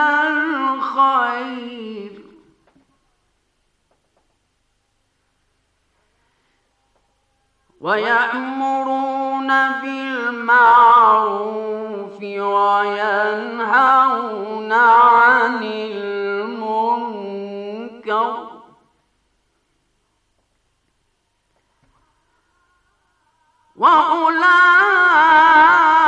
الخير ويأمرون بالمعروف وينهون عن المنكر وأولئك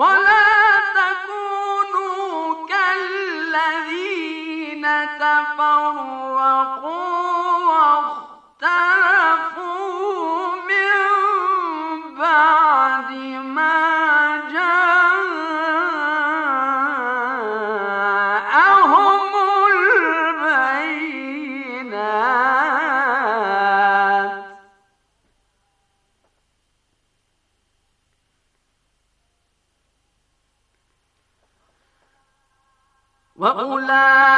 تفرقوا واختلفوا الله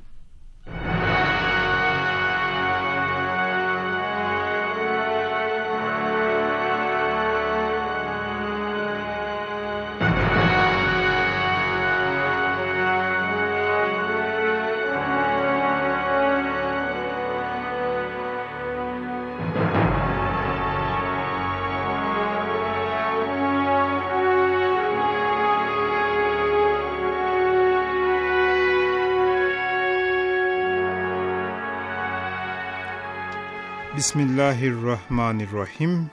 Bismillahi rahmani rahim.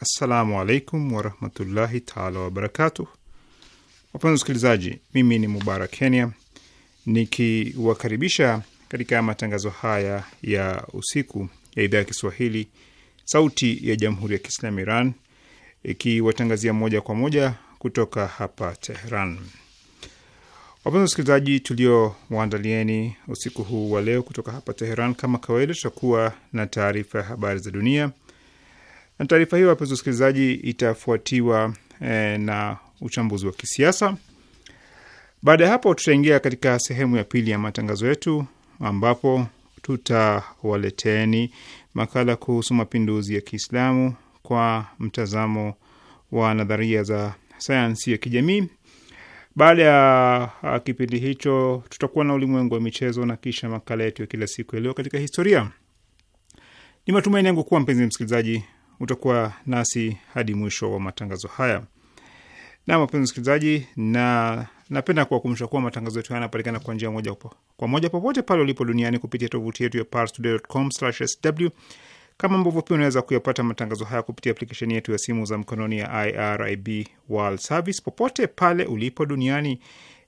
Assalamu alaikum warahmatullahi taala wabarakatuh. Wapenzi wasikilizaji, mimi ni Mubarak Kenya nikiwakaribisha katika matangazo haya ya usiku ya idhaa ya Kiswahili Sauti ya Jamhuri ya Kiislamu Iran ikiwatangazia moja kwa moja kutoka hapa Tehran. Wapenzi wasikilizaji, tuliowaandalieni usiku huu wa leo kutoka hapa Teheran, kama kawaida, tutakuwa na taarifa ya habari za dunia, na taarifa hiyo wapenzi wasikilizaji, itafuatiwa eh, na uchambuzi wa kisiasa. Baada ya hapo, tutaingia katika sehemu ya pili ya matangazo yetu ambapo tutawaleteni makala kuhusu mapinduzi ya Kiislamu kwa mtazamo wa nadharia za sayansi ya kijamii baada ya kipindi hicho, tutakuwa na ulimwengu wa michezo na kisha makala yetu ya kila siku yaliyo katika historia. Ni matumaini yangu kuwa mpenzi msikilizaji utakuwa nasi hadi mwisho wa matangazo haya. Na mpenzi msikilizaji, na napenda kuwakumbusha kuwa matangazo yetu haya yanapatikana kwa njia moja kwa moja popote pale ulipo duniani kupitia tovuti yetu ya parstoday.com/sw kama ambavyo pia unaweza kuyapata matangazo haya kupitia aplikesheni yetu ya simu za mkononi ya IRIB World Service popote pale ulipo duniani.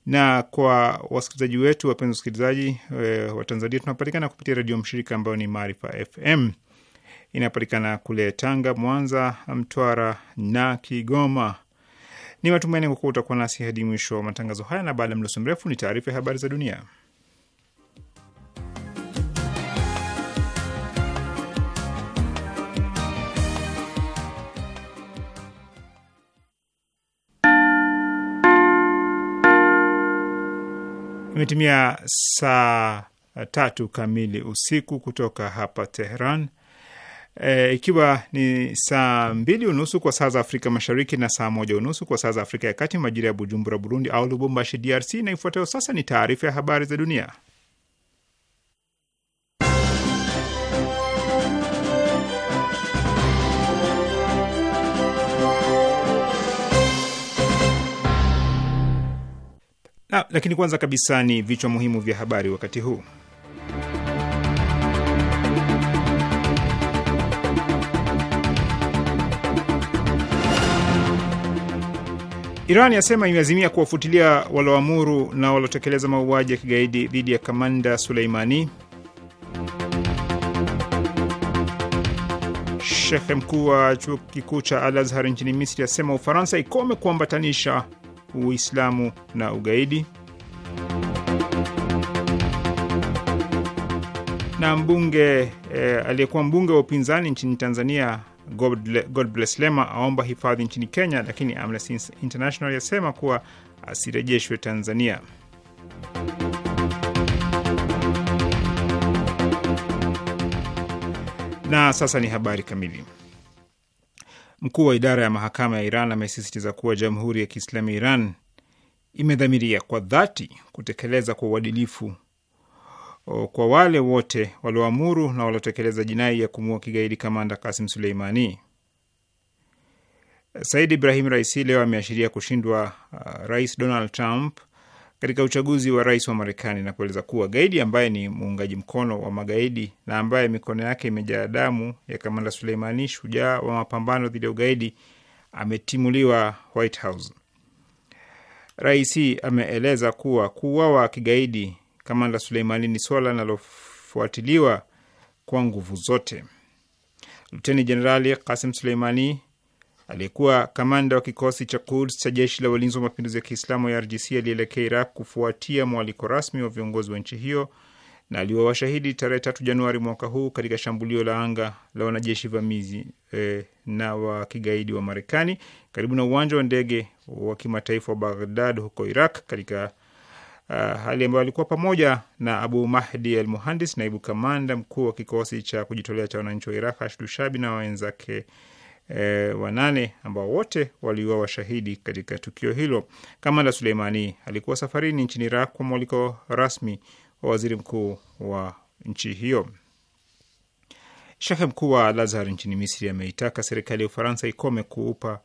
Na kwa wasikilizaji wetu, wapenzi wasikilizaji e, wa Tanzania, tunapatikana kupitia redio mshirika ambayo ni Maarifa FM, inapatikana kule Tanga, Mwanza, Mtwara na Kigoma. Ni matumaini kwa kuwa utakuwa nasi hadi mwisho wa matangazo haya, na baada ya mloso mrefu ni taarifa ya habari za dunia. Imetimia saa tatu kamili usiku kutoka hapa Teheran, e, ikiwa ni saa mbili unusu kwa saa za Afrika Mashariki na saa moja unusu kwa saa za Afrika ya Kati, majira ya Bujumbura, Burundi au Lubumbashi, DRC. Na ifuatayo sasa ni taarifa ya habari za dunia. lakini kwanza kabisa ni vichwa muhimu vya habari wakati huu. Iran yasema imeazimia kuwafutilia walioamuru na waliotekeleza mauaji ya kigaidi dhidi ya kamanda Suleimani. Shekhe mkuu wa chuo kikuu cha Al Azhar nchini Misri asema Ufaransa ikome kuambatanisha Uislamu na ugaidi, na mbunge eh, aliyekuwa mbunge wa upinzani nchini Tanzania Godbless Lema aomba hifadhi nchini Kenya, lakini Amnesty International yasema kuwa asirejeshwe Tanzania. Na sasa ni habari kamili. Mkuu wa idara ya mahakama ya Iran amesisitiza kuwa Jamhuri ya Kiislamu ya Iran imedhamiria kwa dhati kutekeleza kwa uadilifu kwa wale wote walioamuru na waliotekeleza jinai ya kumua kigaidi kamanda Kasim Suleimani. Said Ibrahim Raisi leo ameashiria kushindwa uh, Rais Donald Trump katika uchaguzi wa rais wa Marekani na kueleza kuwa gaidi ambaye ni muungaji mkono wa magaidi na ambaye mikono yake imejaa damu ya kamanda Suleimani, shujaa wa mapambano dhidi ya ugaidi, ametimuliwa White House. Rais ameeleza kuwa kuuawa kigaidi kamanda Suleimani ni swala linalofuatiliwa kwa nguvu zote. Luteni Jenerali Kasim Suleimani aliyekuwa kamanda wa kikosi cha Quds cha jeshi la walinzi wa mapinduzi ya Kiislamu ya RGC alielekea Iraq kufuatia mwaliko rasmi wa viongozi wa nchi hiyo na aliwawashahidi tarehe tatu Januari mwaka huu katika shambulio la anga la wanajeshi vamizi e, na wa kigaidi wa Marekani karibu na uwanja wa ndege wa kimataifa wa Baghdad huko Iraq, katika uh, hali ambayo alikuwa pamoja na Abu Mahdi al Muhandis, naibu kamanda mkuu wa kikosi cha kujitolea cha wananchi wa Iraq Ashdushabi na wenzake e, wanane ambao wote waliuawa washahidi katika tukio hilo. Kamanda Suleimani alikuwa safarini nchini Iraq kwa mwaliko rasmi wa waziri mkuu wa nchi hiyo. shehe mkuu wa Al-Azhar nchini Misri ameitaka serikali ya Ufaransa ikome kuupa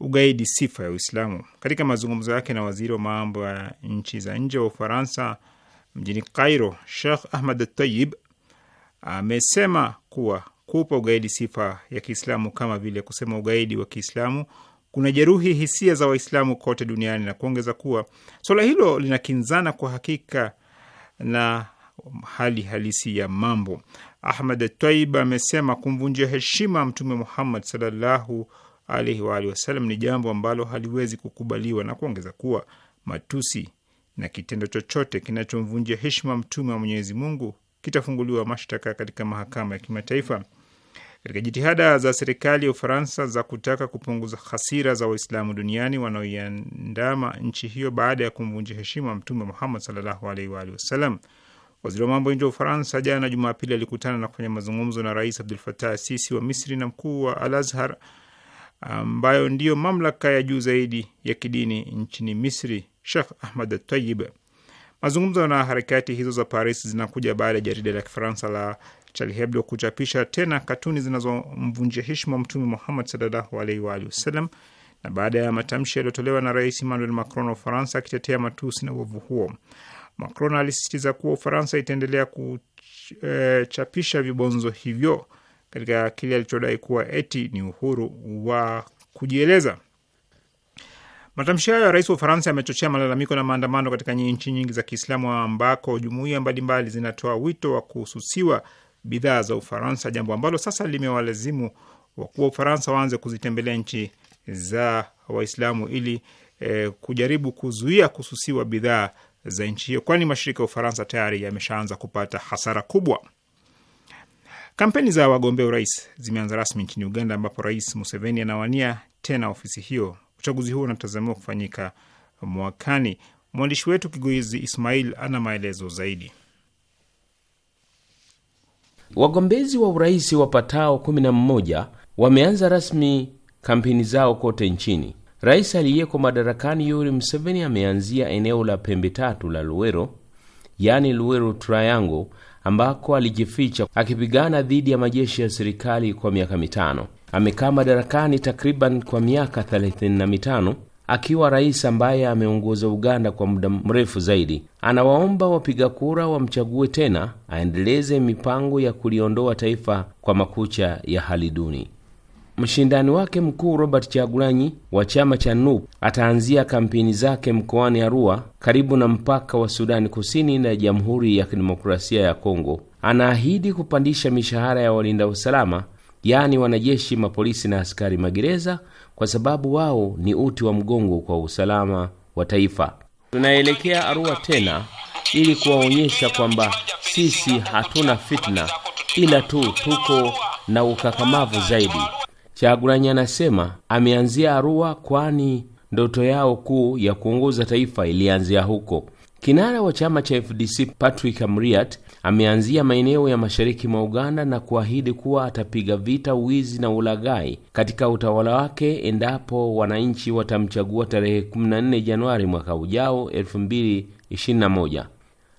ugaidi sifa ya Uislamu. Katika mazungumzo yake na waziri wa mambo ya nchi za nje wa Ufaransa mjini Cairo, Sheikh Ahmad Tayib amesema kuwa kuupa ugaidi sifa ya Kiislamu kama vile kusema ugaidi wa Kiislamu kuna jeruhi hisia za Waislamu kote duniani na kuongeza kuwa swala hilo linakinzana kwa hakika na hali halisi ya mambo. Ahmad Taib amesema kumvunjia heshima Mtume Muhammad sallallahu alaihi wa alihi wasallam ni jambo ambalo haliwezi kukubaliwa, na kuongeza kuwa matusi na kitendo chochote kinachomvunjia heshima Mtume wa Mwenyezi Mungu kitafunguliwa mashtaka katika mahakama ya kimataifa. Katika jitihada za serikali ya Ufaransa za kutaka kupunguza hasira za Waislamu duniani wanaoiandama nchi hiyo baada ya kumvunjia heshima Mtume Muhammad sallallahu alaihi wa alihi wasallam, waziri wa mambo ya nje wa Ufaransa jana Jumapili alikutana na kufanya mazungumzo na Rais Abdul Fatah Sisi wa Misri na mkuu wa Al Azhar ambayo ndiyo mamlaka ya juu zaidi ya kidini nchini Misri, Shekh Ahmad Atayib Mazungumzo na harakati hizo za Paris zinakuja baada ya jarida la Kifaransa la Charlie Hebdo kuchapisha tena katuni zinazomvunjia heshima Mtume Muhammad sallallahu alaihi wa alihi wasallam na baada ya matamshi yaliyotolewa na Rais Emmanuel Macron wa Ufaransa akitetea matusi na uovu huo. Macron alisisitiza kuwa Ufaransa itaendelea kuchapisha vibonzo hivyo katika kile alichodai kuwa eti ni uhuru wa kujieleza. Matamshi hayo ya rais wa Ufaransa yamechochea malalamiko na maandamano katika nchi nyingi za Kiislamu ambako jumuiya mbalimbali zinatoa wito wa kuhususiwa bidhaa za Ufaransa, jambo ambalo sasa limewalazimu wakuwa Ufaransa waanze kuzitembelea nchi za Waislamu ili eh, kujaribu kuzuia kuhususiwa bidhaa za nchi hiyo, kwani mashirika ya Ufaransa tayari yameshaanza kupata hasara kubwa. Kampeni za wagombea urais zimeanza rasmi nchini Uganda, ambapo Rais Museveni anawania tena ofisi hiyo Uchaguzi huo unatazamiwa kufanyika mwakani. Mwandishi wetu Kigoizi Ismail ana maelezo zaidi. Wagombezi wa urais wapatao 11 wameanza rasmi kampeni zao kote nchini. Rais aliyeko madarakani Yoweri Museveni ameanzia eneo la pembe tatu la Luwero, yaani Luwero Triangle, ambako alijificha akipigana dhidi ya majeshi ya serikali kwa miaka mitano amekaa madarakani takriban kwa miaka 35 akiwa rais ambaye ameongoza Uganda kwa muda mrefu zaidi, anawaomba wapiga kura wamchague tena aendeleze mipango ya kuliondoa taifa kwa makucha ya hali duni. Mshindani wake mkuu Robert Chagulanyi wa chama cha NUP ataanzia kampeni zake mkoani Arua, karibu na mpaka wa Sudani Kusini na Jamhuri ya Kidemokrasia ya Kongo. Anaahidi kupandisha mishahara ya walinda usalama yaani wanajeshi, mapolisi na askari magereza, kwa sababu wao ni uti wa mgongo kwa usalama wa taifa. Tunaelekea Arua tena ili kuwaonyesha kwamba sisi hatuna fitna, ila tu tuko na ukakamavu zaidi. Chagulanyi anasema ameanzia Arua, kwani ndoto yao kuu ya kuongoza taifa ilianzia huko. Kinara wa chama cha FDC Patrick Amriat ameanzia maeneo ya mashariki mwa Uganda na kuahidi kuwa atapiga vita wizi na ulaghai katika utawala wake endapo wananchi watamchagua tarehe 14 Januari mwaka ujao 2021.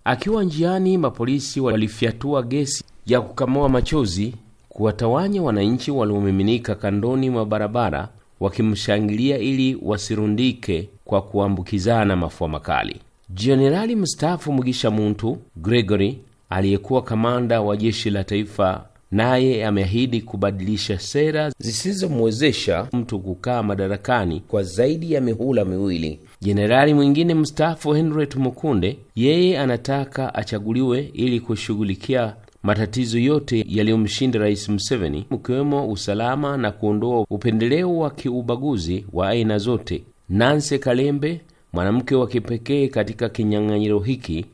Akiwa njiani, mapolisi walifyatua gesi ya kukamoa machozi kuwatawanya wananchi waliomiminika kandoni mwa barabara wakimshangilia ili wasirundike kwa kuambukizana mafua makali. Jenerali mstaafu Mugisha Muntu Gregory aliyekuwa kamanda wa jeshi la taifa naye ameahidi kubadilisha sera zisizomwezesha mtu kukaa madarakani kwa zaidi ya mihula miwili. Jenerali mwingine mstaafu henret Mukunde yeye anataka achaguliwe ili kushughulikia matatizo yote yaliyomshinda Rais Museveni, mkiwemo usalama na kuondoa upendeleo wa kiubaguzi wa aina zote. Nancy Kalembe Mwanamke wa kipekee katika kinyang'anyiro hiki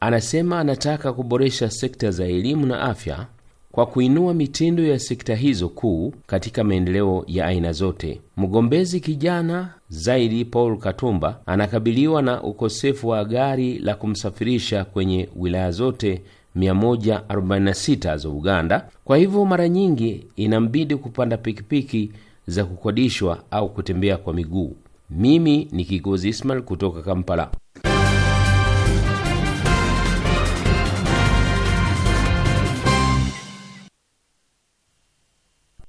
anasema anataka kuboresha sekta za elimu na afya kwa kuinua mitindo ya sekta hizo kuu katika maendeleo ya aina zote. Mgombezi kijana zaidi Paul Katumba anakabiliwa na ukosefu wa gari la kumsafirisha kwenye wilaya zote 146 za Uganda. Kwa hivyo mara nyingi inambidi kupanda pikipiki za kukodishwa au kutembea kwa miguu. Mimi ni Kigozi Ismail kutoka Kampala.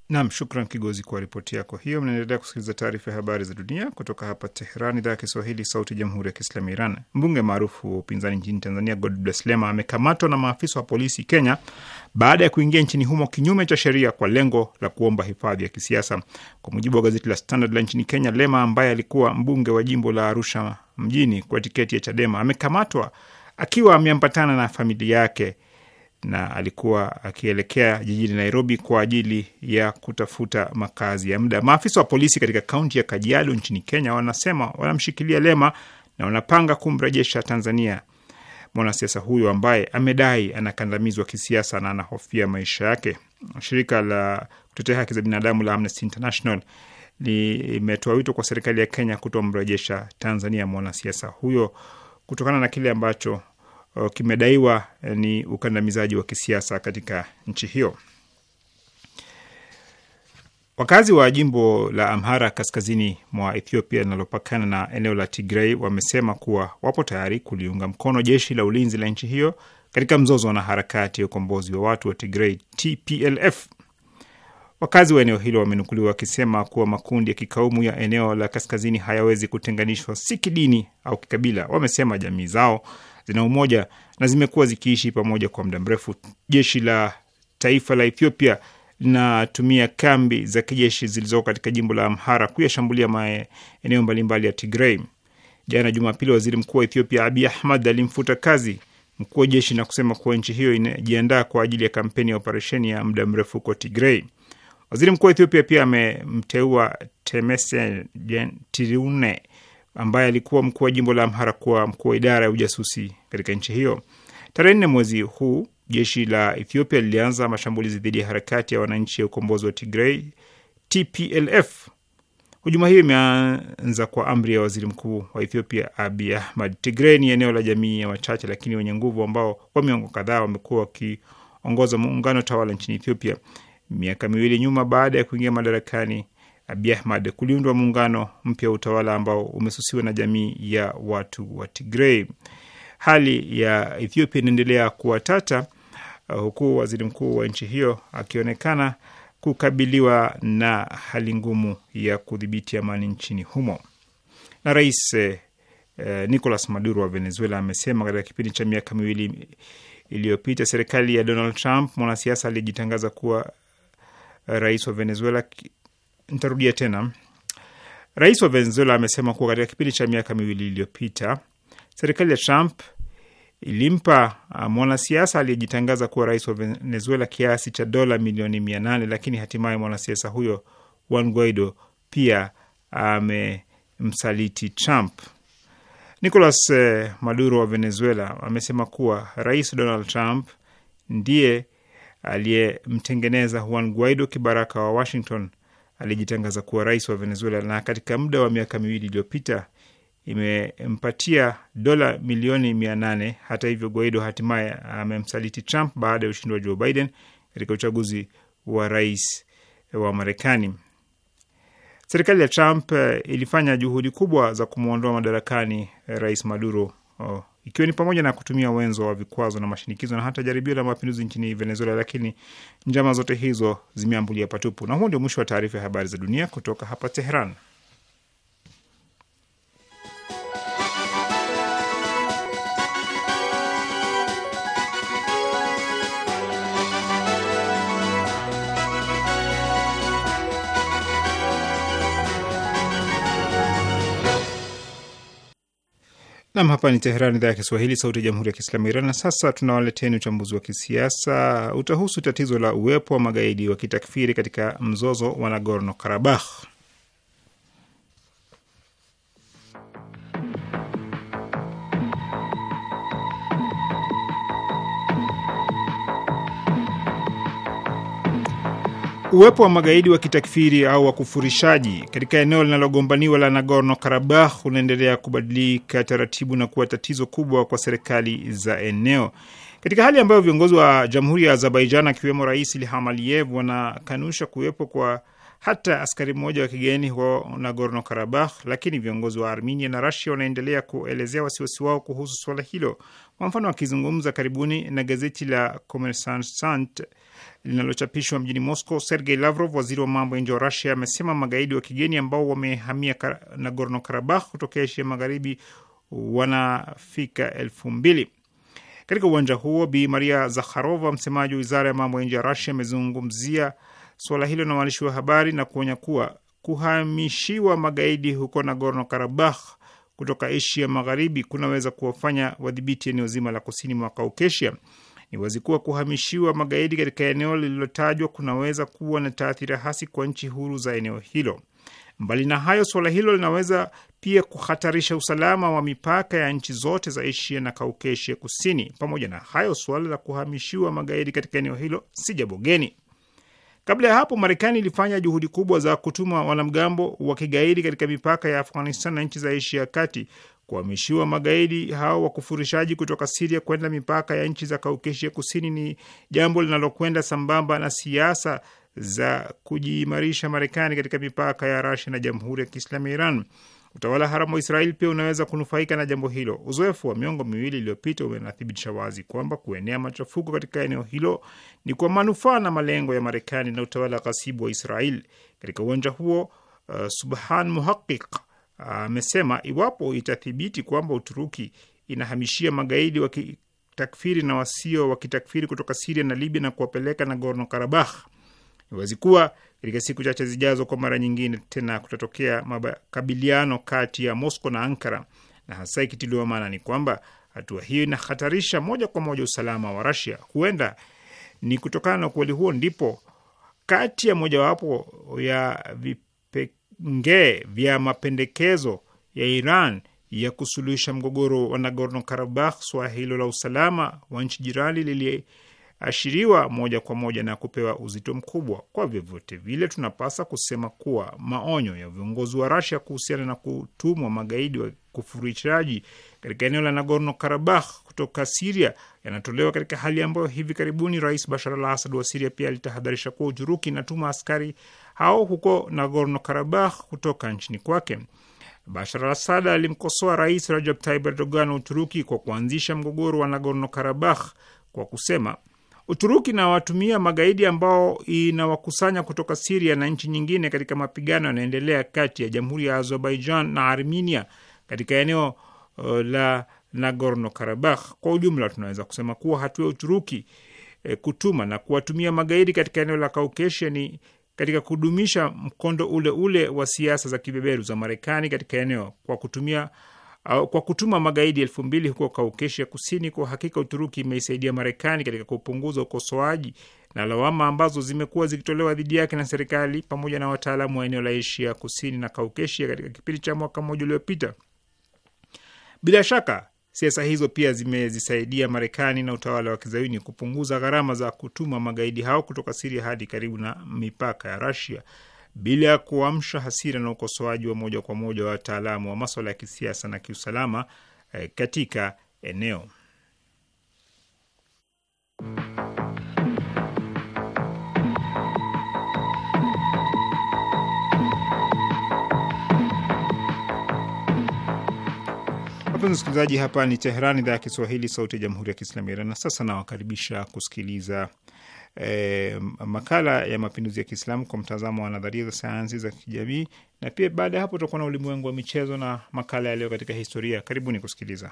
Nam, shukran Kigozi kwa ripoti yako hiyo. Mnaendelea kusikiliza taarifa ya habari za dunia kutoka hapa Teheran, idhaa ya Kiswahili, sauti ya jamhuri ya kiislamu ya Iran. Mbunge maarufu wa upinzani nchini Tanzania, Godbless Lema amekamatwa na maafisa wa polisi Kenya baada ya kuingia nchini humo kinyume cha sheria kwa lengo la kuomba hifadhi ya kisiasa. Kwa mujibu wa gazeti la Standard la nchini Kenya, Lema ambaye alikuwa mbunge wa jimbo la Arusha mjini kwa tiketi ya Chadema amekamatwa akiwa ameambatana na familia yake na alikuwa akielekea jijini Nairobi kwa ajili ya kutafuta makazi ya muda. Maafisa wa polisi katika kaunti ya Kajiado nchini Kenya wanasema wanamshikilia Lema na wanapanga kumrejesha Tanzania. Mwanasiasa huyo ambaye amedai anakandamizwa kisiasa na anahofia maisha yake. Shirika la kutetea haki za binadamu la Amnesty International limetoa wito kwa serikali ya Kenya kutomrejesha Tanzania mwanasiasa huyo kutokana na kile ambacho Eh, kimedaiwa eh, ni ukandamizaji wa kisiasa katika nchi hiyo. Wakazi wa jimbo la Amhara kaskazini mwa Ethiopia linalopakana na eneo la tigrei wamesema kuwa wapo tayari kuliunga mkono jeshi la ulinzi la nchi hiyo katika mzozo na harakati ya ukombozi wa watu wa tigrei TPLF. Wakazi wa eneo hilo wamenukuliwa wakisema kuwa makundi ya kikaumu ya eneo la kaskazini hayawezi kutenganishwa, si kidini au kikabila. Wamesema jamii zao zina umoja na zimekuwa zikiishi pamoja kwa muda mrefu. Jeshi la taifa la Ethiopia linatumia kambi za kijeshi zilizoko katika jimbo la Amhara kuyashambulia maeneo mbalimbali ya tigrei Jana Jumapili, waziri mkuu wa Ethiopia abi ahmad alimfuta kazi mkuu wa jeshi na kusema kuwa nchi hiyo inajiandaa kwa ajili ya kampeni ya operesheni ya muda mrefu huko tigrei Waziri mkuu wa Ethiopia pia amemteua Temesen Jentiune ambaye alikuwa mkuu wa jimbo la Amhara kuwa mkuu wa idara ya ujasusi katika nchi hiyo. Tarehe nne mwezi huu jeshi la Ethiopia lilianza mashambulizi dhidi ya harakati ya wananchi ya ukombozi wa Tigrei, TPLF. Hujuma hiyo imeanza kwa amri ya waziri mkuu wa Ethiopia Abi Ahmad. Tigrei ni eneo la jamii ya wachache lakini wenye nguvu ambao kwa miongo kadhaa wamekuwa wakiongoza muungano tawala nchini Ethiopia. Miaka miwili nyuma, baada ya kuingia madarakani Abiy Ahmed kuliundwa muungano mpya wa utawala ambao umesusiwa na jamii ya watu wa Tigray. Hali ya Ethiopia inaendelea kuwa tata uh, huku waziri mkuu wa nchi hiyo akionekana kukabiliwa na hali ngumu ya kudhibiti amani nchini humo. Na rais eh, Nicolas Maduro wa Venezuela amesema katika kipindi cha miaka miwili iliyopita serikali ya Donald Trump, mwanasiasa aliyejitangaza kuwa rais wa Venezuela, nitarudia tena. Rais wa Venezuela amesema kuwa katika kipindi cha miaka miwili iliyopita serikali ya Trump ilimpa uh, mwanasiasa aliyejitangaza kuwa rais wa Venezuela kiasi cha dola milioni mia nane, lakini hatimaye mwanasiasa huyo Juan Guaido pia amemsaliti Trump. Nicolas uh, Maduro wa Venezuela amesema kuwa rais Donald Trump ndiye aliyemtengeneza Juan Guaido kibaraka wa Washington alijitangaza kuwa rais wa Venezuela, na katika muda wa miaka miwili iliyopita imempatia dola milioni mia nane. Hata hivyo, Guaido hatimaye amemsaliti Trump baada ya ushindi wa Joe Biden katika uchaguzi wa rais wa Marekani. Serikali ya Trump eh, ilifanya juhudi kubwa za kumwondoa madarakani eh, rais Maduro. Oh ikiwa ni pamoja na kutumia wenzo wa vikwazo na mashinikizo na hata jaribio la mapinduzi nchini Venezuela, lakini njama zote hizo zimeambulia patupu. Na huo ndio mwisho wa taarifa ya habari za dunia kutoka hapa Teheran. Nam, hapa ni Teheran, idhaa ya Kiswahili, sauti ya jamhuri ya kiislamu Iran. Na sasa tunawaleteni uchambuzi wa kisiasa, utahusu tatizo la uwepo wa magaidi wa kitakfiri katika mzozo wa Nagorno Karabakh. Uwepo wa magaidi wa kitakfiri au wakufurishaji katika eneo linalogombaniwa la Nagorno Karabakh unaendelea kubadilika taratibu na kuwa tatizo kubwa kwa serikali za eneo, katika hali ambayo viongozi wa jamhuri ya Azerbaijan akiwemo Rais Ilham Aliyev wanakanusha kuwepo kwa hata askari mmoja wa kigeni wa Nagorno Karabakh, lakini viongozi wa Armenia na Rasia wanaendelea kuelezea wasiwasi wao kuhusu suala hilo. Kwa mfano, akizungumza karibuni na gazeti la Kommersant linalochapishwa mjini Moscow, Sergei Lavrov, waziri wa mambo ya nje wa Rusia, amesema magaidi wa kigeni ambao wamehamia Nagorno Karabakh kutoka Asia Magharibi wanafika elfu mbili. Katika uwanja huo, Bi Maria Zakharova, msemaji wa wizara ya mambo ya nje ya Rusia, amezungumzia suala hilo na waandishi wa habari na kuonya kuwa kuhamishiwa magaidi huko Nagorno Karabakh kutoka Asia Magharibi kunaweza kuwafanya wadhibiti eneo zima la kusini mwa Kaukesia. Ni wazi kuwa kuhamishiwa magaidi katika eneo lililotajwa kunaweza kuwa na taathira hasi kwa nchi huru za eneo hilo. Mbali na hayo, suala hilo linaweza pia kuhatarisha usalama wa mipaka ya nchi zote za Asia na kaukeshia Kusini. Pamoja na hayo, suala la kuhamishiwa magaidi katika eneo hilo si jambo geni. Kabla ya hapo, Marekani ilifanya juhudi kubwa za kutuma wanamgambo wa kigaidi katika mipaka ya Afghanistan na nchi za Asia ya Kati Kuhamishiwa magaidi hao wakufurishaji kutoka Siria kwenda mipaka ya nchi za Kaukeshia kusini ni jambo linalokwenda sambamba na siasa za kujiimarisha Marekani katika mipaka ya Rasia na Jamhuri ya Kiislamu ya Iran. Utawala haramu wa Israeli pia unaweza kunufaika na jambo hilo. Uzoefu wa miongo miwili iliyopita unathibitisha wazi kwamba kuenea machafuko katika eneo hilo ni kwa manufaa na malengo ya Marekani na utawala ghasibu wa Israeli. Katika uwanja huo, uh, Subhan Muhaqiq amesema iwapo itathibiti kwamba Uturuki inahamishia magaidi wa kitakfiri na wasio wa kitakfiri kutoka Siria na Libya na kuwapeleka Nagorno Karabakh, ni wazi kuwa katika siku chache zijazo, kwa mara nyingine tena kutatokea makabiliano kati ya Moscow na Ankara, na hasa ikitiliwa maana ni kwamba hatua hiyo inahatarisha moja kwa moja usalama wa rasia Huenda ni kutokana na ukweli huo ndipo kati ya mojawapo ya vip nge vya mapendekezo ya Iran ya kusuluhisha mgogoro wa Nagorno Karabakh, suala hilo la usalama wa nchi jirani liliashiriwa moja kwa moja na kupewa uzito mkubwa. Kwa vyovyote vile, tunapasa kusema kuwa maonyo ya viongozi wa Rasia kuhusiana na kutumwa magaidi wa kufurishaji katika eneo la Nagorno Karabakh kutoka Siria yanatolewa katika hali ambayo hivi karibuni Rais Bashar al Asad wa Siria pia alitahadharisha kuwa Uturuki inatuma askari hao huko Nagorno Karabakh kutoka nchini kwake. Bashar al Asad alimkosoa Rais Rajab Tayyip Erdogan wa Uturuki kwa kuanzisha mgogoro wa Nagorno Karabakh kwa kusema Uturuki inawatumia magaidi ambao inawakusanya kutoka Siria na nchi nyingine katika mapigano yanaendelea kati ya jamhuri ya Azerbaijan na Armenia katika eneo uh, la Nagorno Karabakh. Kwa ujumla, tunaweza kusema kuwa hatua ya Uturuki e, kutuma na kuwatumia magaidi katika eneo la Kaukesia ni katika kudumisha mkondo ule ule wa siasa za kibeberu za Marekani katika eneo kwa kutumia kwa kutuma magaidi elfu mbili huko Kaukesia Kusini. Kwa hakika Uturuki imeisaidia Marekani katika kupunguza ukosoaji na lawama ambazo zimekuwa zikitolewa dhidi yake na serikali pamoja na wataalamu wa eneo la Asia Kusini na Kaukesia katika kipindi cha mwaka mmoja uliopita. Bila shaka Siasa hizo pia zimezisaidia Marekani na utawala wa kizayuni kupunguza gharama za kutuma magaidi hao kutoka Siria hadi karibu na mipaka ya Rasia bila ya kuamsha hasira na ukosoaji wa moja kwa moja wa wataalamu wa maswala ya kisiasa na kiusalama eh, katika eneo. Wapenzi msikilizaji, hapa ni Teheran, idhaa ya Kiswahili, sauti ya jamhuri ya kiislamu ya Iran. Na sasa nawakaribisha kusikiliza eh, makala ya mapinduzi ya Kiislamu kwa mtazamo wa nadharia za sayansi za kijamii, na pia baada ya hapo tutakuwa na ulimwengu wa michezo na makala yaliyo katika historia. Karibuni kusikiliza.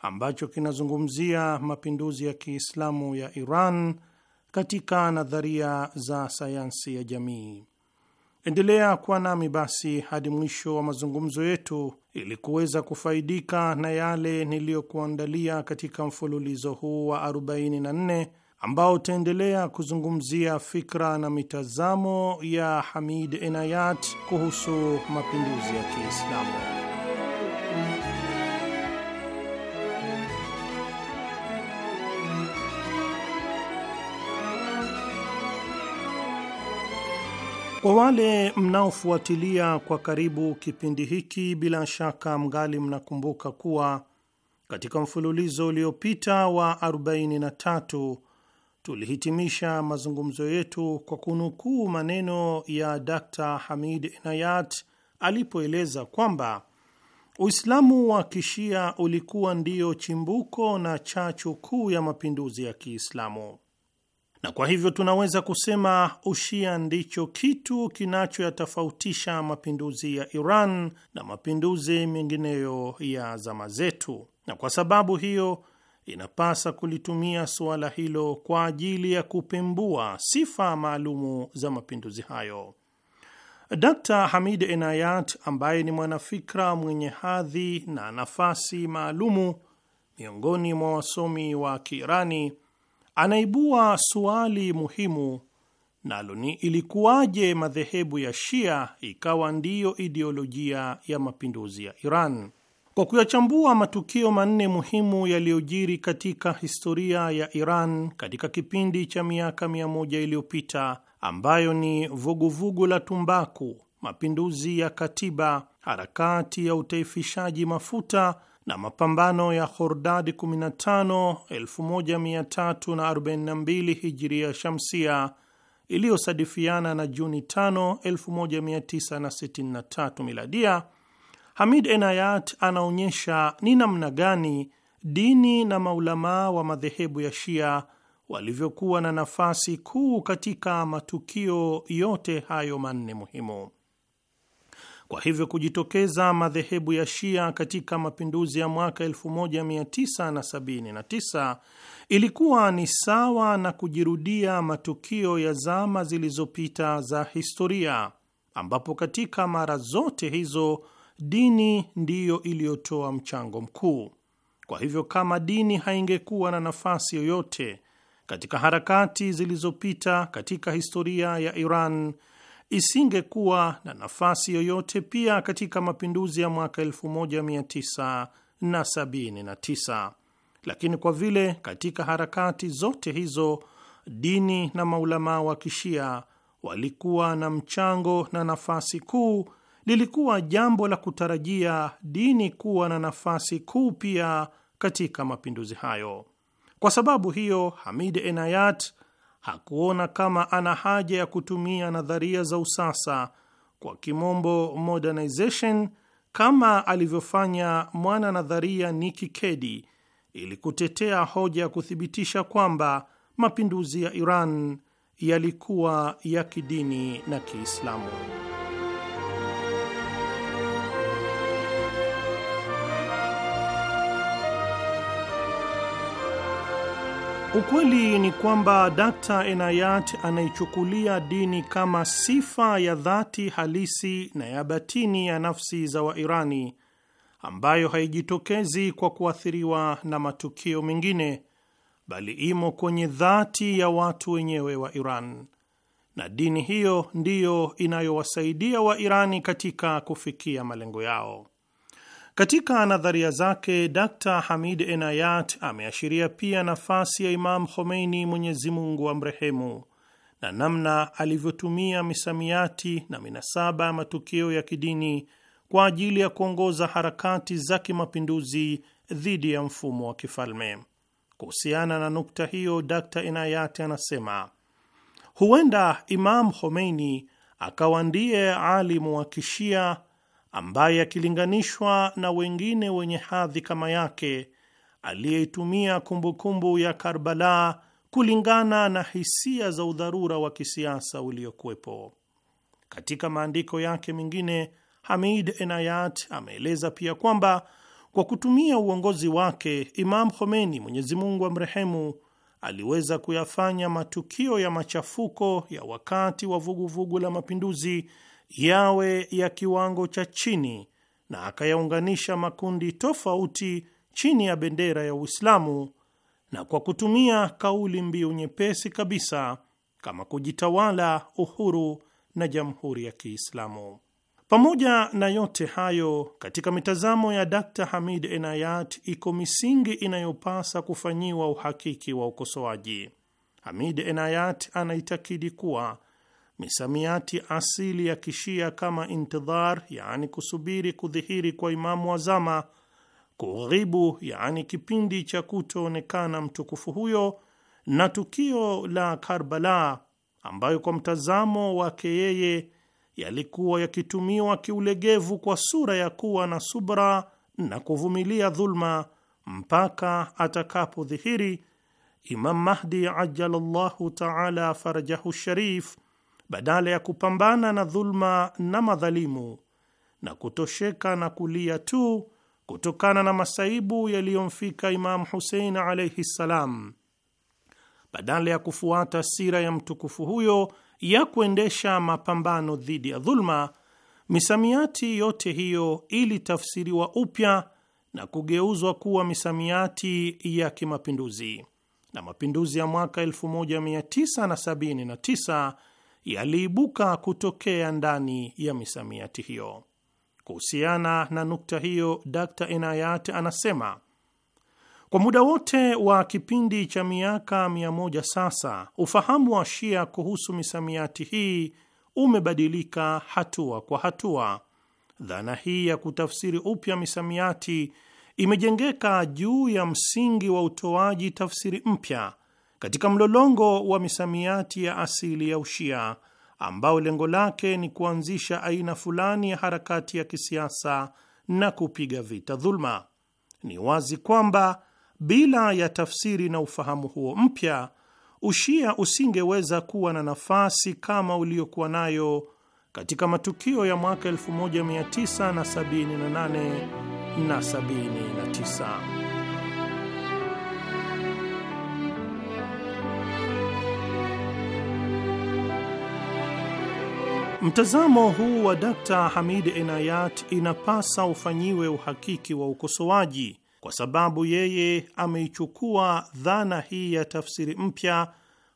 ambacho kinazungumzia mapinduzi ya Kiislamu ya Iran katika nadharia za sayansi ya jamii. Endelea kuwa nami basi hadi mwisho wa mazungumzo yetu ili kuweza kufaidika na yale niliyokuandalia katika mfululizo huu wa 44 ambao utaendelea kuzungumzia fikra na mitazamo ya Hamid Enayat kuhusu mapinduzi ya Kiislamu. Kwa wale mnaofuatilia kwa karibu kipindi hiki, bila shaka mgali mnakumbuka kuwa katika mfululizo uliopita wa 43 tulihitimisha mazungumzo yetu kwa kunukuu maneno ya Dr. Hamid nayat alipoeleza kwamba Uislamu wa Kishia ulikuwa ndiyo chimbuko na chachu kuu ya mapinduzi ya Kiislamu na kwa hivyo tunaweza kusema ushia ndicho kitu kinachoyatofautisha mapinduzi ya Iran na mapinduzi mengineyo ya zama zetu, na kwa sababu hiyo inapasa kulitumia suala hilo kwa ajili ya kupembua sifa maalumu za mapinduzi hayo. d Hamid Enayat ambaye ni mwanafikra mwenye hadhi na nafasi maalumu miongoni mwa wasomi wa Kiirani anaibua suali muhimu, nalo ni ilikuwaje madhehebu ya Shia ikawa ndiyo ideolojia ya mapinduzi ya Iran? Kwa kuyachambua matukio manne muhimu yaliyojiri katika historia ya Iran katika kipindi cha miaka mia moja iliyopita ambayo ni vuguvugu vugu la tumbaku, mapinduzi ya katiba, harakati ya utaifishaji mafuta na mapambano ya Khordadi 15 1342 Hijria Shamsia iliyosadifiana na Juni 5 1963 Miladia, Hamid Enayat anaonyesha ni namna gani dini na maulamaa wa madhehebu ya Shia walivyokuwa na nafasi kuu katika matukio yote hayo manne muhimu. Kwa hivyo kujitokeza madhehebu ya Shia katika mapinduzi ya mwaka 1979 ilikuwa ni sawa na kujirudia matukio ya zama zilizopita za historia, ambapo katika mara zote hizo dini ndiyo iliyotoa mchango mkuu. Kwa hivyo kama dini haingekuwa na nafasi yoyote katika harakati zilizopita katika historia ya Iran isingekuwa na nafasi yoyote pia katika mapinduzi ya mwaka 1979 lakini kwa vile katika harakati zote hizo dini na maulamaa wa kishia walikuwa na mchango na nafasi kuu, lilikuwa jambo la kutarajia dini kuwa na nafasi kuu pia katika mapinduzi hayo. Kwa sababu hiyo, Hamid Enayat hakuona kama ana haja ya kutumia nadharia za usasa kwa kimombo modernization kama alivyofanya mwana nadharia Nikki Keddie ili kutetea hoja ya kuthibitisha kwamba mapinduzi ya Iran yalikuwa ya kidini na Kiislamu. Ukweli ni kwamba Dr. Enayat anaichukulia dini kama sifa ya dhati halisi na ya batini ya nafsi za Wairani ambayo haijitokezi kwa kuathiriwa na matukio mengine bali imo kwenye dhati ya watu wenyewe wa Iran, na dini hiyo ndiyo inayowasaidia Wairani katika kufikia malengo yao. Katika nadharia zake Dr Hamid Enayat ameashiria pia nafasi ya Imam Khomeini, Mwenyezi Mungu amrehemu, na namna alivyotumia misamiati na minasaba ya matukio ya kidini kwa ajili ya kuongoza harakati za kimapinduzi dhidi ya mfumo wa kifalme. Kuhusiana na nukta hiyo, Dr Enayat anasema huenda Imam Khomeini akawa ndiye alimu wa kishia ambaye akilinganishwa na wengine wenye hadhi kama yake aliyeitumia kumbukumbu ya Karbala kulingana na hisia za udharura wa kisiasa uliokuwepo. Katika maandiko yake mengine, Hamid Enayat ameeleza pia kwamba kwa kutumia uongozi wake Imam Khomeini, Mwenyezi Mungu amrehemu, aliweza kuyafanya matukio ya machafuko ya wakati wa vuguvugu vugu la mapinduzi yawe ya kiwango cha chini na akayaunganisha makundi tofauti chini ya bendera ya Uislamu na kwa kutumia kauli mbiu nyepesi kabisa kama kujitawala, uhuru na jamhuri ya Kiislamu. Pamoja na yote hayo, katika mitazamo ya Dr. Hamid Enayat iko misingi inayopasa kufanyiwa uhakiki wa ukosoaji. Hamid Enayat anaitakidi kuwa misamiati asili ya kishia kama intidhar, yaani kusubiri kudhihiri kwa imamu wazama, kughibu, yaani kipindi cha kutoonekana mtukufu huyo, na tukio la Karbala ambayo kwa mtazamo wake yeye yalikuwa yakitumiwa kiulegevu kwa sura ya kuwa na subra na kuvumilia dhulma mpaka atakapodhihiri Imam Mahdi ajalallahu taala farajahu sharif badala ya kupambana na dhuluma na madhalimu na kutosheka na kulia tu kutokana na masaibu yaliyomfika Imamu Husein alaihi ssalam, badala ya kufuata sira ya mtukufu huyo ya kuendesha mapambano dhidi ya dhuluma, misamiati yote hiyo ilitafsiriwa upya na kugeuzwa kuwa misamiati ya kimapinduzi, na mapinduzi ya mwaka 1979 yaliibuka kutokea ndani ya misamiati hiyo. Kuhusiana na nukta hiyo, Dr. Enayat anasema kwa muda wote wa kipindi cha miaka mia moja sasa, ufahamu wa Shia kuhusu misamiati hii umebadilika hatua kwa hatua. Dhana hii ya kutafsiri upya misamiati imejengeka juu ya msingi wa utoaji tafsiri mpya katika mlolongo wa misamiati ya asili ya Ushia ambao lengo lake ni kuanzisha aina fulani ya harakati ya kisiasa na kupiga vita dhuluma. Ni wazi kwamba bila ya tafsiri na ufahamu huo mpya, Ushia usingeweza kuwa na nafasi kama uliokuwa nayo katika matukio ya mwaka 1978 na 79. Mtazamo huu wa Dkt. Hamid Enayat inapasa ufanyiwe uhakiki wa ukosoaji, kwa sababu yeye ameichukua dhana hii ya tafsiri mpya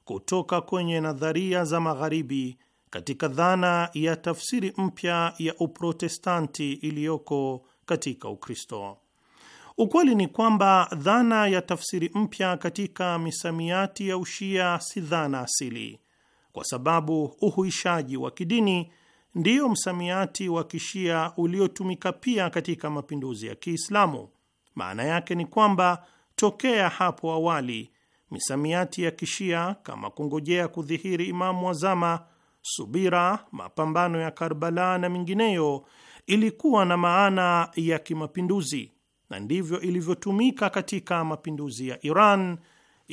kutoka kwenye nadharia za Magharibi katika dhana ya tafsiri mpya ya Uprotestanti iliyoko katika Ukristo. Ukweli ni kwamba dhana ya tafsiri mpya katika misamiati ya Ushia si dhana asili kwa sababu uhuishaji wa kidini ndiyo msamiati wa kishia uliotumika pia katika mapinduzi ya Kiislamu. Maana yake ni kwamba tokea hapo awali misamiati ya kishia kama kungojea kudhihiri Imamu wazama, subira, mapambano ya Karbala na mingineyo ilikuwa na maana ya kimapinduzi, na ndivyo ilivyotumika katika mapinduzi ya Iran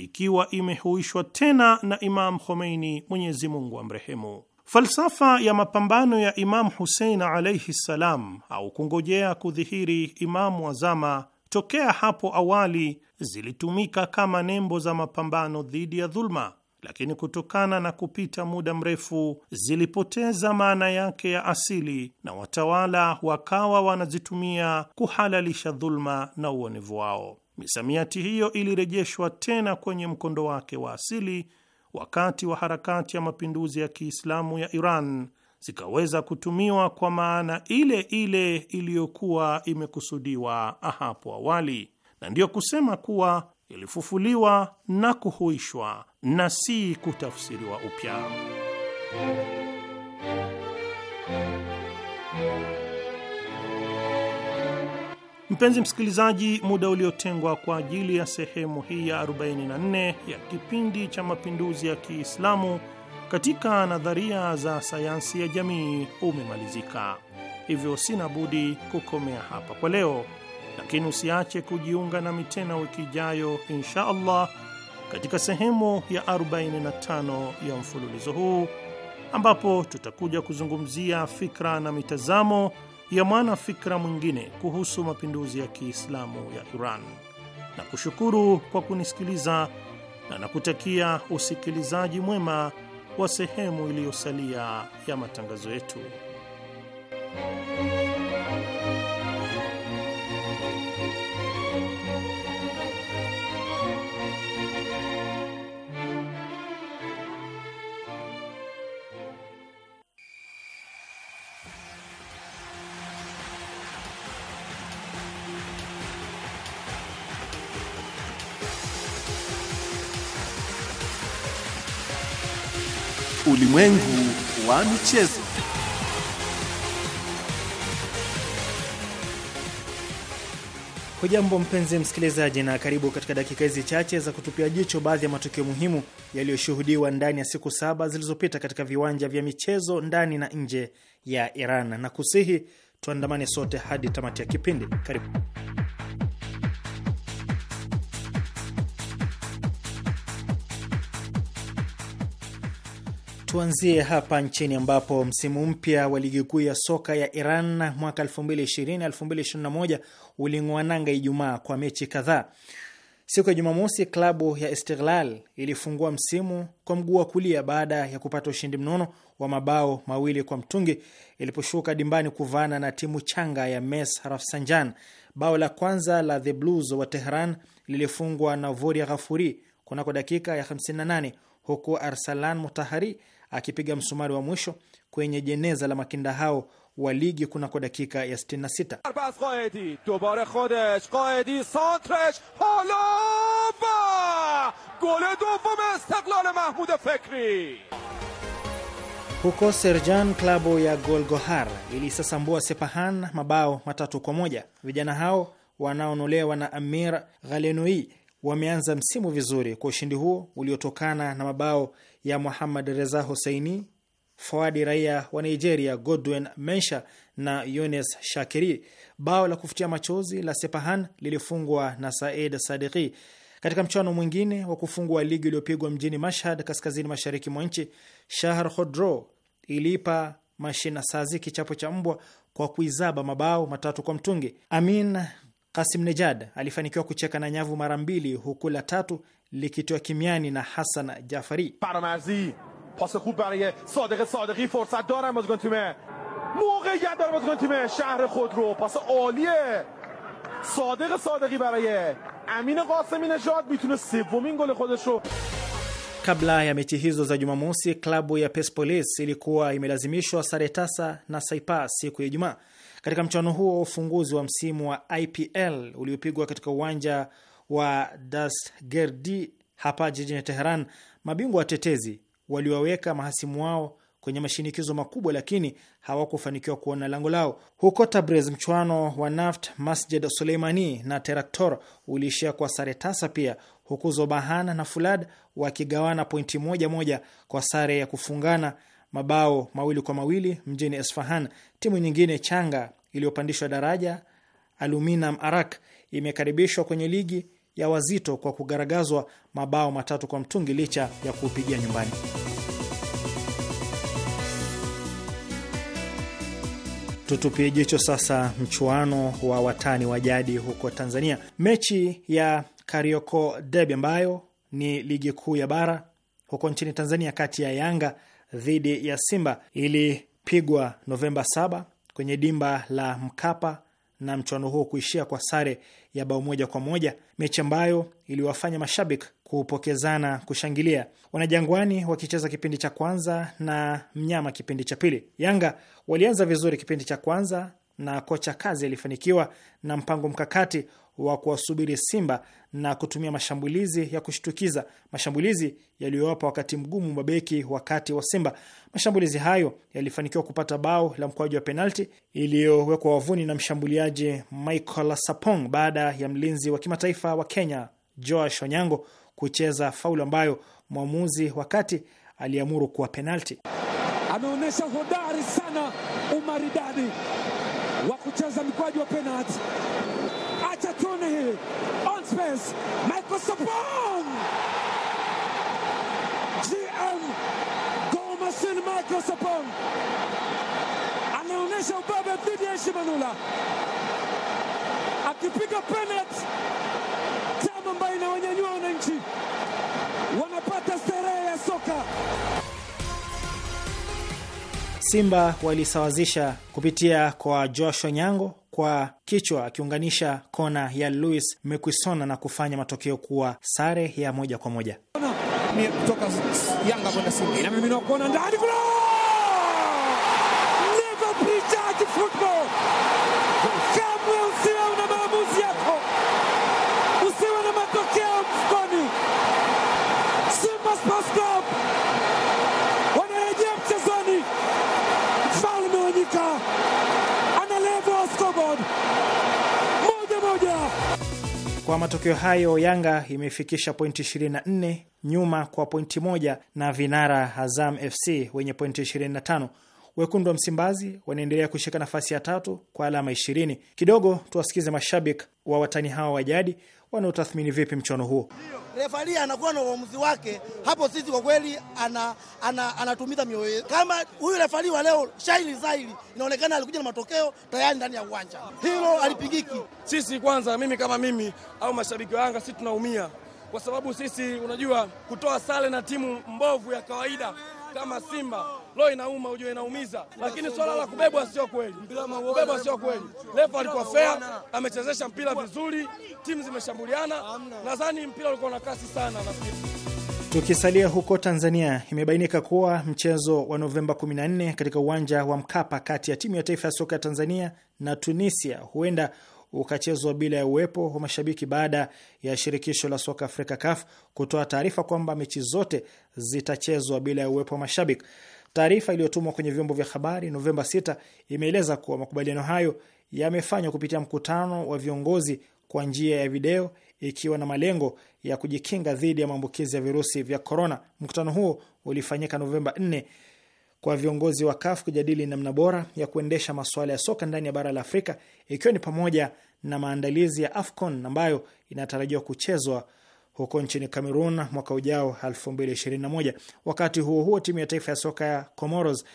ikiwa imehuishwa tena na Imam Khomeini, Mwenyezi Mungu amrehemu. Falsafa ya mapambano ya Imam Husein alaihi ssalam au kungojea kudhihiri Imamu wazama tokea hapo awali zilitumika kama nembo za mapambano dhidi ya dhulma, lakini kutokana na kupita muda mrefu zilipoteza maana yake ya asili na watawala wakawa wanazitumia kuhalalisha dhulma na uonevu wao misamiati hiyo ilirejeshwa tena kwenye mkondo wake wa asili wakati wa harakati ya mapinduzi ya Kiislamu ya Iran, zikaweza kutumiwa kwa maana ile ile iliyokuwa imekusudiwa hapo awali, na ndiyo kusema kuwa ilifufuliwa na kuhuishwa na si kutafsiriwa upya. Mpenzi msikilizaji, muda uliotengwa kwa ajili ya sehemu hii ya 44 ya kipindi cha mapinduzi ya Kiislamu katika nadharia za sayansi ya jamii umemalizika, hivyo sina budi kukomea hapa kwa leo, lakini usiache kujiunga nami tena wiki ijayo insha Allah katika sehemu ya 45 ya mfululizo huu ambapo tutakuja kuzungumzia fikra na mitazamo ya mwana fikra mwingine kuhusu mapinduzi ya Kiislamu ya Iran na kushukuru kwa kunisikiliza na nakutakia usikilizaji mwema wa sehemu iliyosalia ya matangazo yetu. Ulimwengu wa michezo. Hujambo mpenzi msikilizaji, na karibu katika dakika hizi chache za kutupia jicho baadhi ya matukio muhimu yaliyoshuhudiwa ndani ya siku saba zilizopita katika viwanja vya michezo ndani na nje ya Iran, na kusihi tuandamane sote hadi tamati ya kipindi. Karibu. Tuanzie hapa nchini ambapo msimu mpya wa ligi kuu ya soka ya Iran mwaka 2020-2021 uling'oa nanga Ijumaa kwa mechi kadhaa. Siku ya Jumamosi, klabu ya estiglal ilifungua msimu kwa mguu wa kulia baada ya kupata ushindi mnono wa mabao mawili kwa mtungi iliposhuka dimbani kuvaana na timu changa ya Mes Rafsanjan. Bao la kwanza la the Blues wa Tehran lilifungwa na Voria Ghafuri kunako dakika ya 58 huku Arsalan Mutahari akipiga msumari wa mwisho kwenye jeneza la makinda hao wa ligi kunako dakika ya 66. E Huko Serjan, klabu ya Golgohar ilisasambua Sepahan mabao matatu kwa moja. Vijana hao wanaonolewa na Amir Ghalenoi wameanza msimu vizuri kwa ushindi huo uliotokana na mabao ya Muhammad Reza huseini Fawadi raia wa Nigeria Godwin Mensha na Yunes Shakiri. Bao la kufutia machozi la Sepahan lilifungwa na Said Sadiki. Katika mchuano mwingine wa kufungwa ligi iliyopigwa mjini Mashhad, kaskazini mashariki mwa nchi, Shahar Khodro iliipa Mashina Sazi kichapo cha mbwa kwa kuizaba mabao matatu kwa mtungi. Amin Kasim Nejad alifanikiwa kucheka na nyavu mara mbili huku la tatu likitoa kimiani na Hasan Jafari. Kabla ya mechi hizo za Jumamosi, klabu ya Persepolis ilikuwa imelazimishwa sare tasa na Saipa siku ya Ijumaa katika mchuano huo wa ufunguzi wa msimu wa IPL uliopigwa katika uwanja wa Dastgerdi hapa jijini Teheran, mabingwa watetezi waliwaweka mahasimu wao kwenye mashinikizo makubwa, lakini hawakufanikiwa kuona lango lao. Huko Tabriz, mchuano wa Naft Masjid Suleimani na Teraktor uliishia kwa sare tasa pia, huku Zobahan na Fulad wakigawana pointi moja moja kwa sare ya kufungana mabao mawili kwa mawili mjini Esfahan. Timu nyingine changa iliyopandishwa daraja Aluminam Arak imekaribishwa kwenye ligi ya wazito kwa kugaragazwa mabao matatu kwa mtungi licha ya kuupigia nyumbani. Tutupie jicho sasa mchuano wa watani wa jadi huko Tanzania, mechi ya Karioko Derby ambayo ni ligi kuu ya bara huko nchini Tanzania, kati ya Yanga dhidi ya Simba ilipigwa Novemba 7 kwenye dimba la Mkapa na mchuano huo kuishia kwa sare ya bao moja kwa moja, mechi ambayo iliwafanya mashabiki kupokezana kushangilia, wanajangwani wakicheza kipindi cha kwanza na mnyama kipindi cha pili. Yanga walianza vizuri kipindi cha kwanza na kocha kazi alifanikiwa na mpango mkakati wa kuwasubiri Simba na kutumia mashambulizi ya kushtukiza, mashambulizi yaliyowapa wakati mgumu mabeki wakati wa Simba. Mashambulizi hayo yalifanikiwa kupata bao la mkwaju wa penalti iliyowekwa wavuni na mshambuliaji Michael Sapong baada ya mlinzi wa kimataifa wa Kenya Joash Onyango kucheza faulu ambayo mwamuzi wakati aliamuru kuwa penalti. Ameonyesha hodari sana, umaridadi kucheza mikwaju wa penalty. Acha tuone hili on space, Michael Sapong, GM Gol Machine Michael Sapong anaonyesha ubabe dhidi ya Shimanula akipiga penalty, tamu ambayo inawanyanyua wananchi wanapata starehe ya soka. Simba walisawazisha kupitia kwa Joshua Nyango kwa kichwa akiunganisha kona ya louis Mekuisona na kufanya matokeo kuwa sare ya moja kwa moja. Kwa matokeo hayo, Yanga imefikisha pointi 24 nyuma kwa pointi moja na vinara Azam FC wenye pointi 25. Wekundu wa Msimbazi wanaendelea kushika nafasi ya tatu kwa alama 20. Kidogo tuwasikize mashabiki wa watani hawa wa jadi wanaotathmini vipi mchuano huo. Refari anakuwa na uamuzi wake hapo. Sisi kwa kweli ana, ana, anatumiza mioyo yetu. Kama huyu refari wa leo shaili zaili, inaonekana alikuja na matokeo tayari ndani ya uwanja, hilo alipigiki. Sisi kwanza, mimi kama mimi au mashabiki wa Yanga, sisi tunaumia kwa sababu sisi, unajua kutoa sare na timu mbovu ya kawaida kama Simba. Lo, inauma ujue, inaumiza, lakini swala la kubebwa sio kweli, kubebwa sio kweli. Refa alikuwa fair, amechezesha mpira vizuri, timu zimeshambuliana, nadhani mpira ulikuwa na kasi sana Tukisalia huko Tanzania, imebainika kuwa mchezo wa Novemba 14 katika uwanja wa Mkapa kati ya timu ya taifa ya soka ya Tanzania na Tunisia huenda ukachezwa bila ya uwepo wa mashabiki baada ya shirikisho la soka Afrika CAF kutoa taarifa kwamba mechi zote zitachezwa bila ya uwepo wa mashabiki. Taarifa iliyotumwa kwenye vyombo vya habari Novemba 6 imeeleza kuwa makubaliano hayo yamefanywa kupitia mkutano wa viongozi kwa njia ya video ikiwa na malengo ya kujikinga dhidi ya maambukizi ya virusi vya korona. Mkutano huo ulifanyika Novemba 4 kwa viongozi wa CAF kujadili namna bora ya kuendesha masuala ya soka ndani ya bara la Afrika, ikiwa ni pamoja na maandalizi ya AFCON ambayo inatarajiwa kuchezwa huko nchini Cameroon mwaka ujao 2021. Wakati huo huo, timu ya taifa ya soka ya Comoros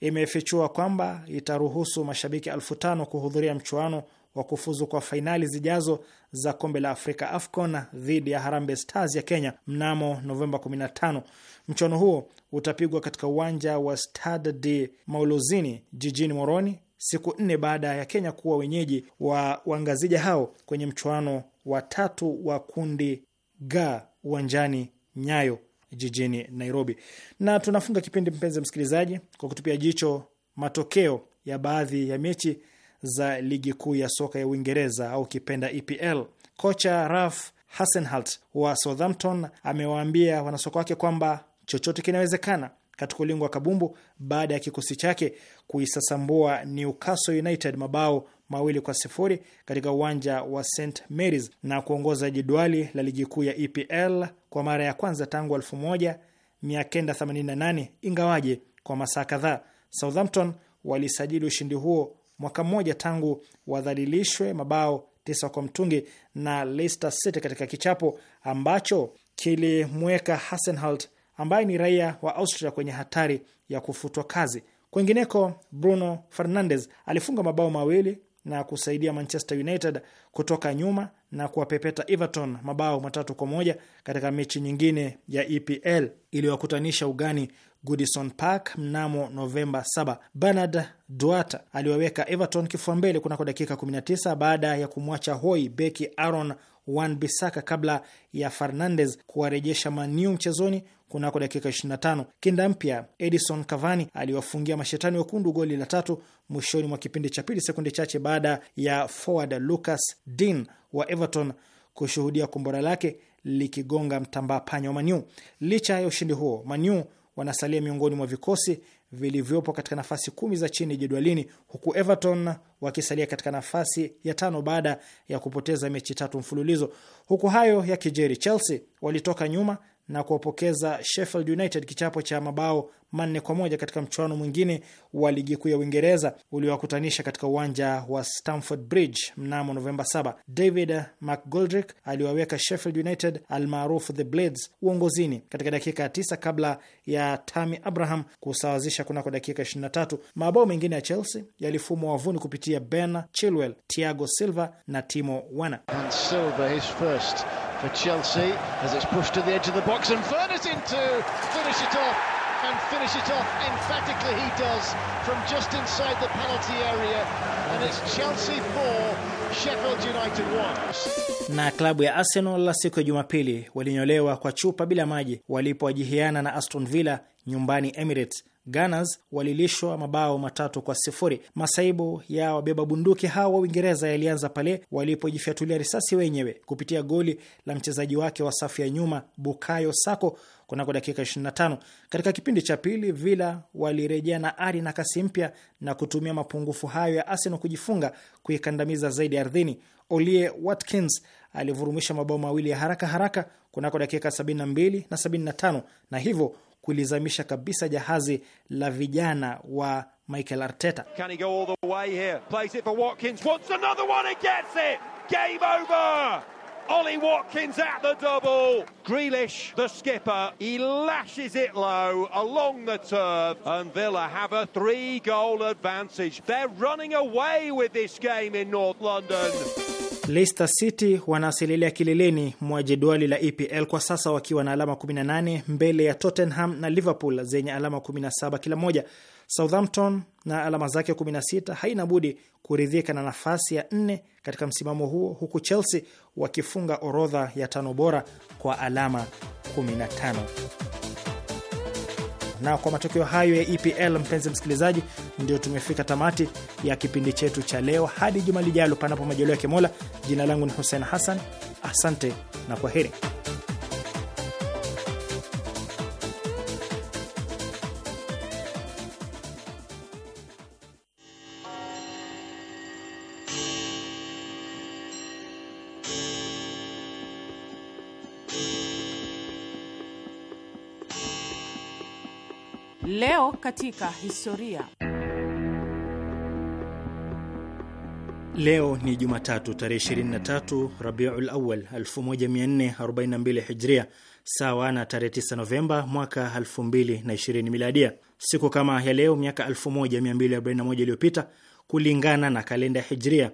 imefichua kwamba itaruhusu mashabiki elfu tano kuhudhuria mchuano wa kufuzu kwa fainali zijazo za kombe la Afrika AFCON dhidi ya Harambee Stars ya Kenya mnamo Novemba 15. Mchuano huo utapigwa katika uwanja wa Stade de Maulozini jijini Moroni siku nne baada ya Kenya kuwa wenyeji wa wangazija hao kwenye mchuano wa tatu wa kundi g uwanjani Nyayo jijini Nairobi. Na tunafunga kipindi, mpenzi msikilizaji, kwa kutupia jicho matokeo ya baadhi ya mechi za ligi kuu ya soka ya Uingereza au kipenda EPL. Kocha raf Hasenhalt wa Southampton amewaambia wanasoka wake kwamba chochote kinawezekana katika ulingo wa kabumbu baada ya kikosi chake kuisasambua Newcastle United mabao mawili kwa sifuri katika uwanja wa St Mary's na kuongoza jedwali la ligi kuu ya EPL kwa mara ya kwanza tangu 1988 ingawaje kwa masaa kadhaa. Southampton walisajili ushindi huo mwaka mmoja tangu wadhalilishwe mabao tisa kwa mtungi na Leicester City katika kichapo ambacho kilimweka Hasenhalt ambaye ni raia wa Austria kwenye hatari ya kufutwa kazi. Kwingineko, Bruno Fernandes alifunga mabao mawili na kusaidia Manchester United kutoka nyuma na kuwapepeta Everton mabao matatu kwa moja katika mechi nyingine ya EPL iliyowakutanisha ugani Goodison Park mnamo Novemba 7. Bernard Duarte aliwaweka Everton kifua mbele kunako dakika 19 baada ya kumwacha hoi beki Aaron Wan-Bissaka kabla ya Fernandes kuwarejesha Maniu mchezoni kunako dakika 25. Kinda mpya Edison Cavani aliwafungia mashetani wekundu goli la tatu mwishoni mwa kipindi cha pili, sekunde chache baada ya forward Lucas Dean wa Everton kushuhudia kombora lake likigonga mtambaa panya wa Manu. Licha ya ushindi huo, Manu wanasalia miongoni mwa vikosi vilivyopo katika nafasi kumi za chini jedwalini, huku Everton wakisalia katika nafasi ya tano baada ya kupoteza mechi tatu mfululizo. Huku hayo ya kijeri, Chelsea walitoka nyuma na kuwapokeza Sheffield United kichapo cha mabao manne kwa moja katika mchuano mwingine wa ligi kuu ya Uingereza uliowakutanisha katika uwanja wa Stamford Bridge mnamo Novemba 7. David McGoldrick aliwaweka Sheffield United almaarufu The Blades uongozini katika dakika ya tisa kabla ya Tammy Abraham kusawazisha kunako dakika 23. Mabao mengine ya Chelsea yalifumwa wavuni kupitia Ben Chilwell, Thiago Silva na Timo Werner for Chelsea as it's pushed to the edge of the box and Furness to finish it off and finish it off emphatically he does from just inside the penalty area and it's Chelsea 4 Sheffield United 1 na klabu ya Arsenal la siku ya Jumapili walinyolewa kwa chupa bila maji walipowajihiana na Aston Villa nyumbani Emirates Gunners walilishwa mabao matatu kwa sifuri. Masaibu ya wabeba bunduki hao wa Uingereza yalianza pale walipojifyatulia risasi wenyewe kupitia goli la mchezaji wake wa safu ya nyuma Bukayo Sako kunako dakika 25. Katika kipindi cha pili, Villa walirejea na ari na kasi mpya na kutumia mapungufu hayo ya Arsenal kujifunga, kuikandamiza zaidi ardhini. Olie Watkins alivurumisha mabao mawili ya haraka haraka kunako dakika 72 na 75 na hivyo kulizamisha kabisa jahazi la vijana wa Michael Arteta. Ollie Watkins at the double. Grealish, the skipper, he lashes it low along the turf, and Villa have a three goal advantage. They're running away with this game in North London. Leicester City wanaasilia kileleni mwa jedwali la EPL kwa sasa wakiwa na alama 18 mbele ya Tottenham na Liverpool zenye alama 17 kila moja. Southampton na alama zake 16 haina budi kuridhika na nafasi ya nne katika msimamo huo, huku Chelsea wakifunga orodha ya tano bora kwa alama 15. Na kwa matokeo hayo ya EPL, mpenzi msikilizaji, ndio tumefika tamati ya kipindi chetu cha leo. Hadi juma lijalo, panapo majaliwa ya Mola, jina langu ni Hussein Hassan, asante na kwaheri. Leo katika historia. Leo ni Jumatatu tarehe 23 Rabiul Awal 1442 Hijria, sawa na tarehe 9 Novemba mwaka 2020 Miladia. Siku kama ya leo miaka 1241 iliyopita kulingana na kalenda ya Hijria,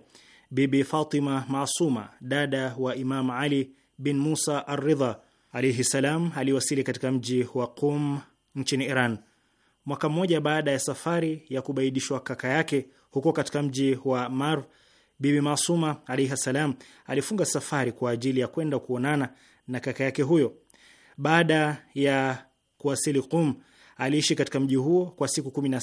Bibi Fatima Masuma, dada wa Imam Ali bin Musa Arridha alaihi salam, aliwasili katika mji wa Qum nchini Iran mwaka mmoja baada ya safari ya kubaidishwa kaka yake huko katika mji wa Marv, Bibi Masuma alaihi salam alifunga safari kwa ajili ya kwenda kuonana na kaka yake huyo. Baada ya kuwasili Qum, aliishi katika mji huo kwa siku kumi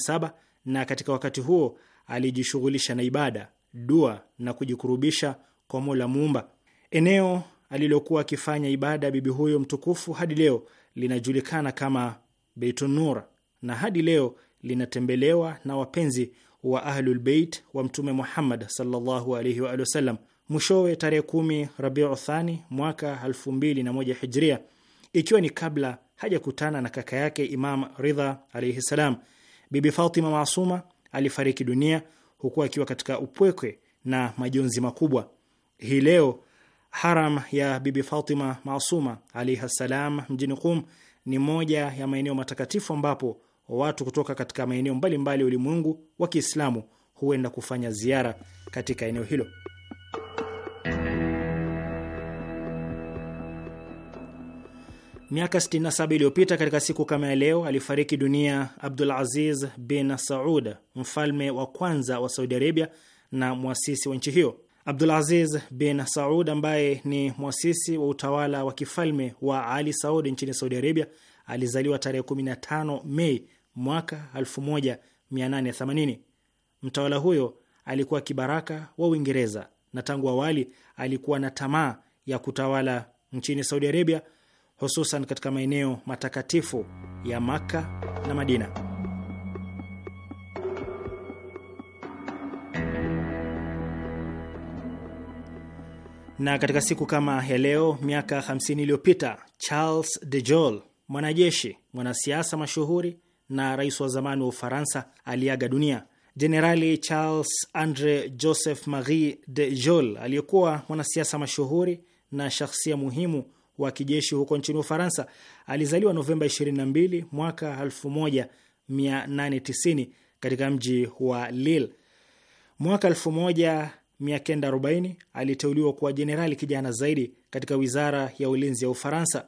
na katika wakati huo alijishughulisha na ibada, dua na kujikurubisha kwa Mola Muumba. Eneo alilokuwa akifanya ibada bibi huyo mtukufu hadi leo linajulikana kama Beitunura na hadi leo linatembelewa na wapenzi wa Ahlulbeit wa Mtume Muhammad sallallahu alaihi wa wasallam. Mwishowe tarehe kumi Rabiu Thani mwaka moja Hijria, ikiwa ni kabla hajakutana na kaka yake Imam Ridha alaihi ssalam, Bibi Fatima Masuma alifariki dunia huku akiwa katika upwekwe na majonzi makubwa. Hii leo haram ya Bibi Fatima Masuma alaihi ssalam mjini Qum ni moja ya maeneo matakatifu ambapo watu kutoka katika maeneo mbalimbali ya ulimwengu wa Kiislamu huenda kufanya ziara katika eneo hilo. Miaka 67 iliyopita katika siku kama ya leo alifariki dunia Abdul Aziz bin Saud, mfalme wa kwanza wa Saudi Arabia na mwasisi wa nchi hiyo. Abdul Aziz bin Saud, ambaye ni mwasisi wa utawala wa kifalme wa Ali Saud nchini Saudi Arabia, alizaliwa tarehe 15 Mei mwaka 1880. Mtawala huyo alikuwa kibaraka wa Uingereza na tangu awali alikuwa na tamaa ya kutawala nchini Saudi Arabia, hususan katika maeneo matakatifu ya Makka na Madina. Na katika siku kama ya leo miaka 50 iliyopita Charles de Gaulle, mwanajeshi, mwanasiasa mashuhuri na rais wa zamani wa Ufaransa aliaga dunia. Jenerali Charles Andre Joseph Marie de Jol aliyekuwa mwanasiasa mashuhuri na shahsia muhimu wa kijeshi huko nchini Ufaransa alizaliwa Novemba 22 mwaka 1890 katika mji wa Lille. Mwaka 1940 aliteuliwa kuwa jenerali kijana zaidi katika wizara ya ulinzi ya Ufaransa.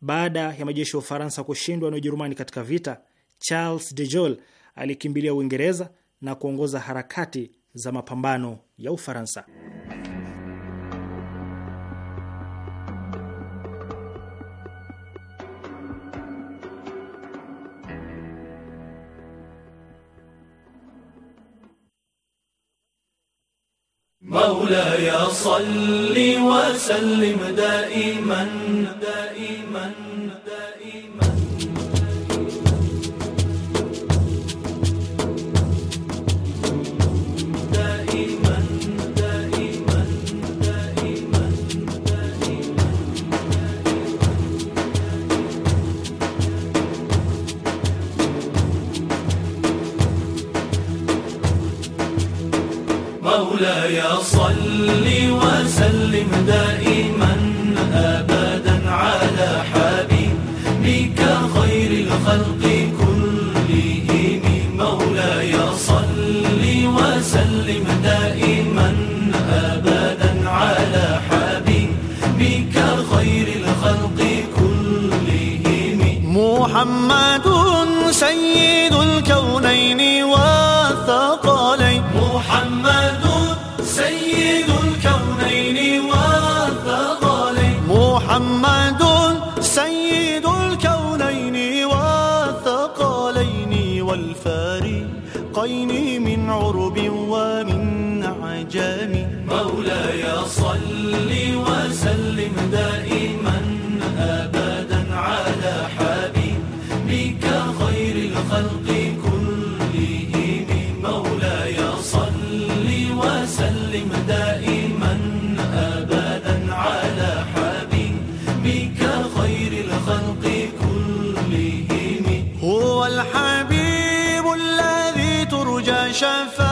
Baada ya majeshi ya Ufaransa kushindwa na Ujerumani katika vita Charles de Gaulle alikimbilia Uingereza na kuongoza harakati za mapambano ya Ufaransa. salli wa sallim daiman, daiman. مولاي صل وسلم دائما أبدا على حبيبك خير الخلق كل 身份。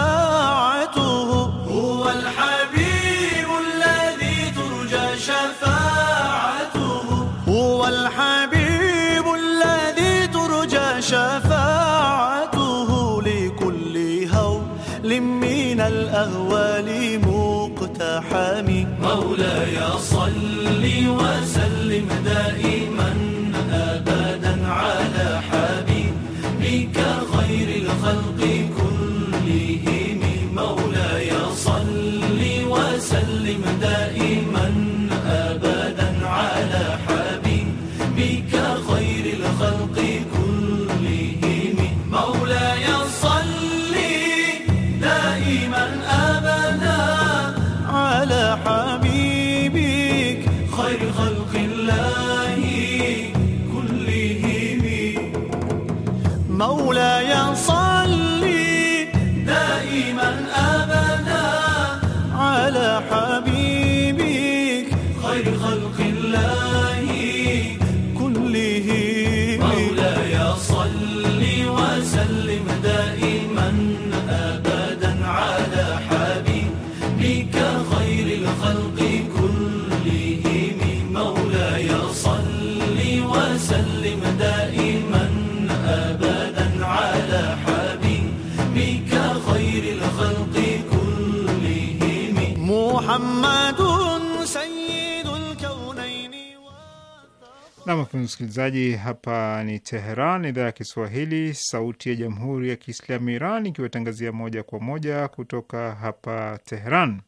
Nam, wapenzi msikilizaji, hapa ni Teheran, idhaa ya Kiswahili, sauti ya jamhuri ya kiislamu Iran, ikiwatangazia moja kwa moja kutoka hapa Teheran.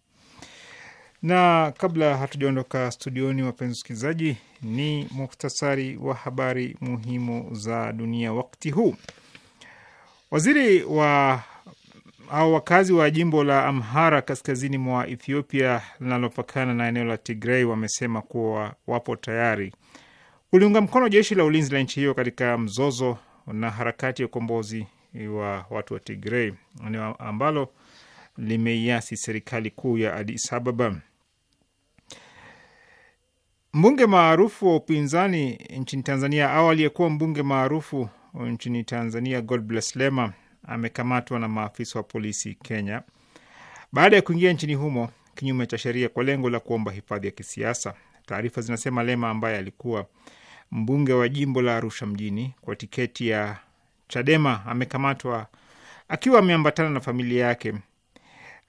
Na kabla hatujaondoka studioni, wapenzi msikilizaji, ni muhtasari wa habari muhimu za dunia wakti huu. Waziri wa au wakazi wa jimbo la Amhara kaskazini mwa Ethiopia linalopakana na eneo la tigrei wamesema kuwa wapo tayari kuliunga mkono jeshi la ulinzi la nchi hiyo katika mzozo na harakati ya ukombozi wa watu wa Tigrei, eneo ambalo limeiasi serikali kuu ya Adis Ababa. Mbunge maarufu wa upinzani nchini Tanzania au aliyekuwa mbunge maarufu nchini Tanzania Godbless Lema amekamatwa na maafisa wa polisi Kenya baada ya kuingia nchini humo kinyume cha sheria kwa lengo la kuomba hifadhi ya kisiasa. Taarifa zinasema Lema ambaye alikuwa mbunge wa jimbo la Arusha mjini kwa tiketi ya Chadema amekamatwa akiwa ameambatana na familia yake.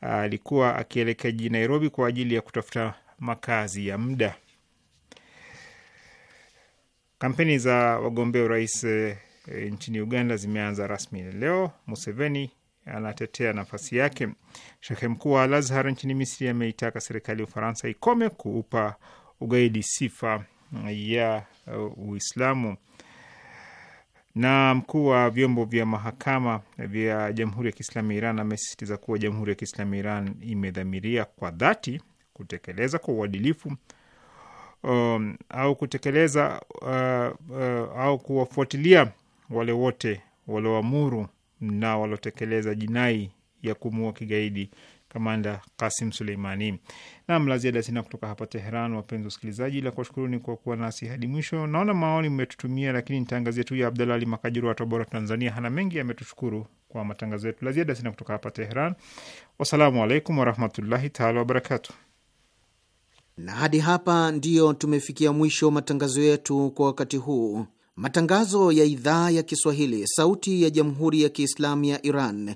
Alikuwa akielekea jijini Nairobi kwa ajili ya kutafuta makazi ya muda. Kampeni za wagombea urais e, nchini Uganda zimeanza rasmi leo. Museveni anatetea nafasi yake. Shehe mkuu wa Al Azhar nchini Misri ameitaka serikali ya Ufaransa ikome kuupa ugaidi sifa ya uh, Uislamu. Na mkuu wa vyombo vya mahakama vya Jamhuri ya Kiislamu ya Iran amesisitiza kuwa Jamhuri ya Kiislamu ya Iran imedhamiria kwa dhati kutekeleza kwa uadilifu um, au kutekeleza uh, uh, au kuwafuatilia wale wote walioamuru na walotekeleza jinai ya kumuua kigaidi Kamanda Kasim Suleimani. Nam la ziada sina kutoka hapa Teheran, wapenzi wasikilizaji, la kuwashukuruni kwa kuwa nasi hadi mwisho. Naona maoni mmetutumia, lakini nitangazia tu ya Abdalali Makajuru wa Tabora, Tanzania. Hana mengi, ametushukuru kwa matangazo yetu. La ziada sina kutoka hapa Teheran. Wassalamu alaikum warahmatullahi taala wabarakatu. Na hadi hapa ndiyo tumefikia mwisho matangazo yetu kwa wakati huu. Matangazo ya idhaa ya Kiswahili, sauti ya jamhuri ya Kiislamu ya Iran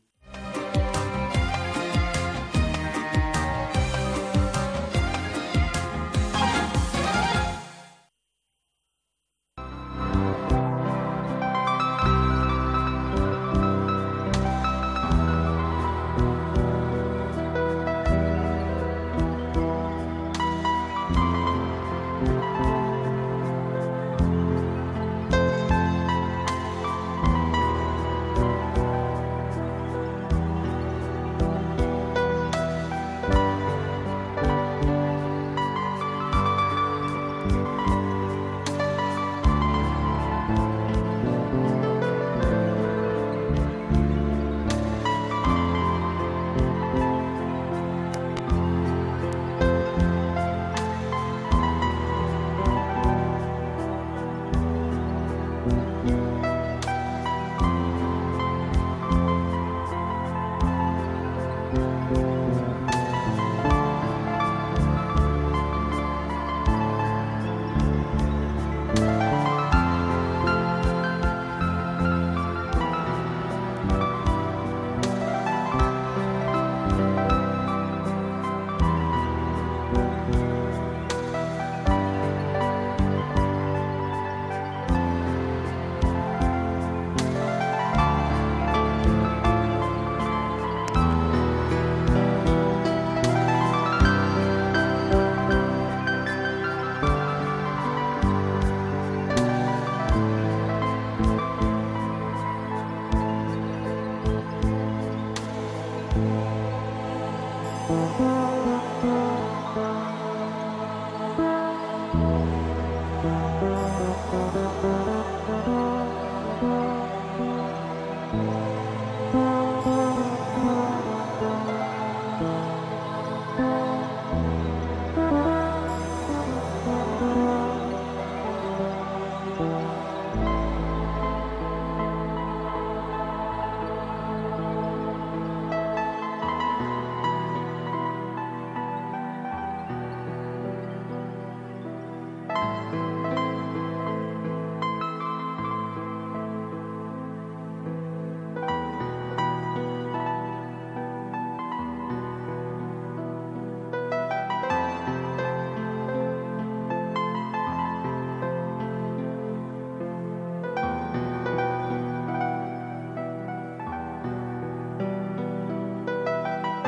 Thank you.